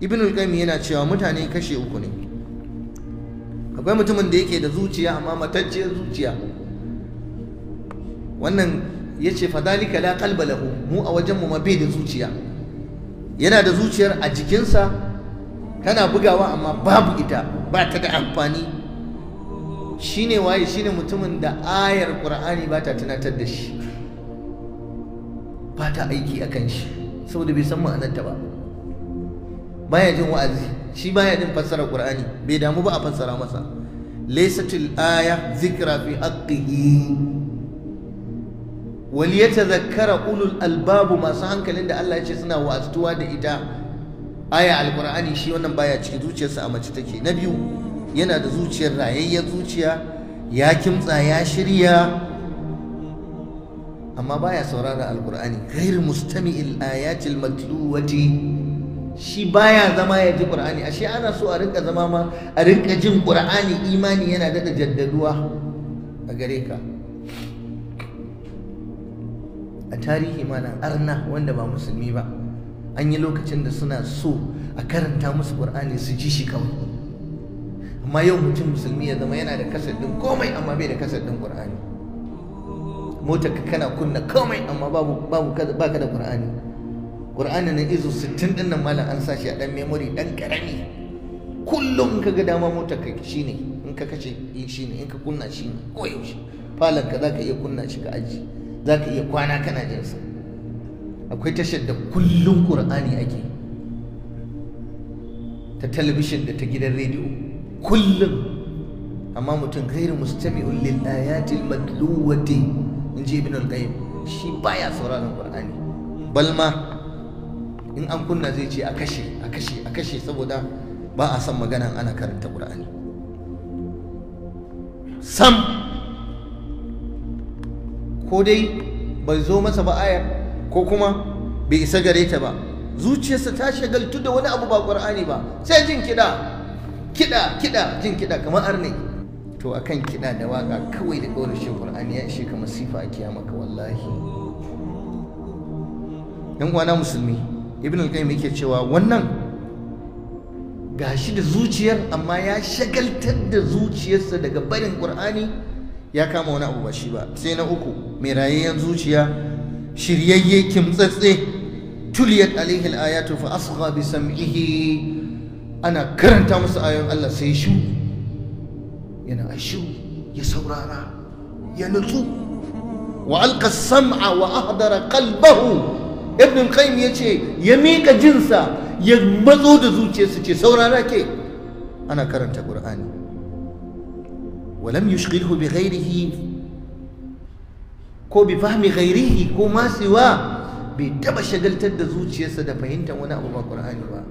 Ibn qayyim yana cewa mutane kashe uku ne akwai mutumin da yake da zuciya amma matacciyar zuciya wannan ya ce fadalika la kalba lahu mu a wajen mu bai da zuciya yana da zuciyar a jikinsa tana bugawa amma babu ita ba ta da amfani shine waye shine mutumin da ayar qur'ani ba ta tunatar da shi ba ta aiki kan shi saboda bai san ta ba baya jin wa'azi shi baya jin fassara qur'ani bai damu ba a fassara masa laysatil aya zikra fi haqqihi wal ulul albabu masu hankalin da Allah ya ce suna wa'aztuwa da ita aya alqur'ani shi wannan baya ciki zuciyarsa a mace take na biyu yana da zuciyar rayayyar zuciya ya kimtsa ya shirya amma baya saurara alqur'ani ghairu mustami'il ayatil matluwati shi baya zama ya ji ƙur'ani, ashe ana so a rinka zama ma a rinka jin ƙur'ani, imani yana daɗa jaddaduwa a gare ka a tarihi mana arna wanda ba musulmi ba an yi lokacin da suna so a karanta musu ƙur'ani su ji shi kawai amma yau mutum musulmi ya zama yana da kasadin komai amma bai da kasadin mota motar kana kunna komai amma ba ka da ƙur'ani. ƙur'ani na izu 60 ɗin nan malam an sa shi a ɗan memory ɗan ƙarami kullum in ka ga dama mota ka shi ne in ka kashe eh, shi ne in ka kunna shi ne Ko yaushe falon ka za ka iya kunna shi ka aji za ka iya kwana kana jin sa akwai tashar da kullum ƙur'ani ake ta talabishin da ta gidan rediyo kullum amma mutum ghairu mustami'un lil ayatil matluwati in ji ibn al-qayyim shi baya sauraron ƙur'ani balma in an kunna zai ce a kashe a kashe a kashe saboda ba a san magana ana karanta ƙur'ani sam ko dai bai zo masa ba ayar ko kuma bai isa gare ta ba zuciyarsa ta shagaltu da wani abu ba ƙur'ani ba sai jin kiɗa kiɗa kiɗa jin kiɗa kamar arne to akan kiɗa da waka kawai da ɗora shi ƙur'ani ya ishe kamar masifa a kiyama ka wallahi yan uwana musulmi ibn al-qayyim yake cewa wannan gashi da zuciyar amma ya shagaltar da zuciyarsa daga barin qur'ani ya kama wani abu ba shi ba sai na uku mai rayayyen zuciya shiryayye kimtsatse tuliyat alaihi al-ayatu fa asgha bi sam'ihi ana karanta musu ayoyin Allah sai shu yana ashu ya saurara ya nutsu wa alqa sam'a wa ahdara qalbahu ibn qayyim ya ce ya miƙa jinsa ya matso da zuciyarsa ce saurara ke ana karanta qur'ani walam yushghilhu bi ghairihi ko bi fahmi ghairihi ko ma siwa bai taba shagaltar da zuciyarsa da fahimtar wani abu ba qur'ani ba